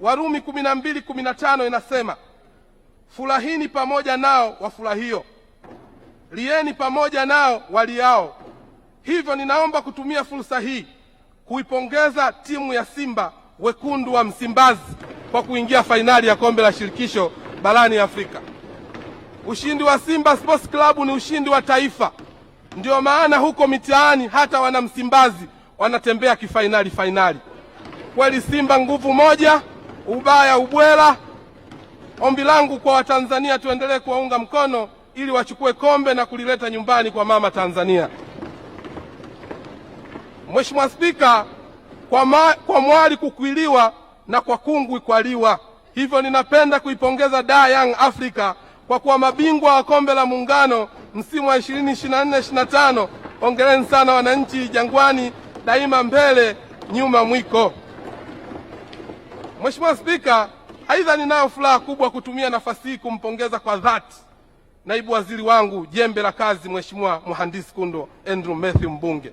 Warumi kumi na mbili kumi na tano inasema furahini pamoja nao wafurahio, lieni pamoja nao waliao. Hivyo ninaomba kutumia fursa hii kuipongeza timu ya Simba wekundu wa Msimbazi kwa kuingia fainali ya kombe la shirikisho barani Afrika. Ushindi wa Simba Sports Club ni ushindi wa taifa, ndio maana huko mitaani hata wana Msimbazi wanatembea kifainali fainali. Kweli Simba nguvu moja, ubaya ubwela. Ombi langu kwa Watanzania, tuendelee kuwaunga mkono ili wachukue kombe na kulileta nyumbani kwa mama Tanzania. Mheshimiwa Spika, kwa, kwa mwali kukwiliwa na kwa kungwi kwaliwa. Hivyo ninapenda kuipongeza Da Young Africa kwa kuwa mabingwa wa kombe la Muungano msimu wa 2024/25. ongeleni sana wananchi Jangwani, daima mbele, nyuma mwiko. Mheshimiwa Spika, aidha ninayo furaha kubwa kutumia nafasi hii kumpongeza kwa dhati naibu waziri wangu jembe la kazi Mheshimiwa Mhandisi Kundo Andrew Mathew Mbunge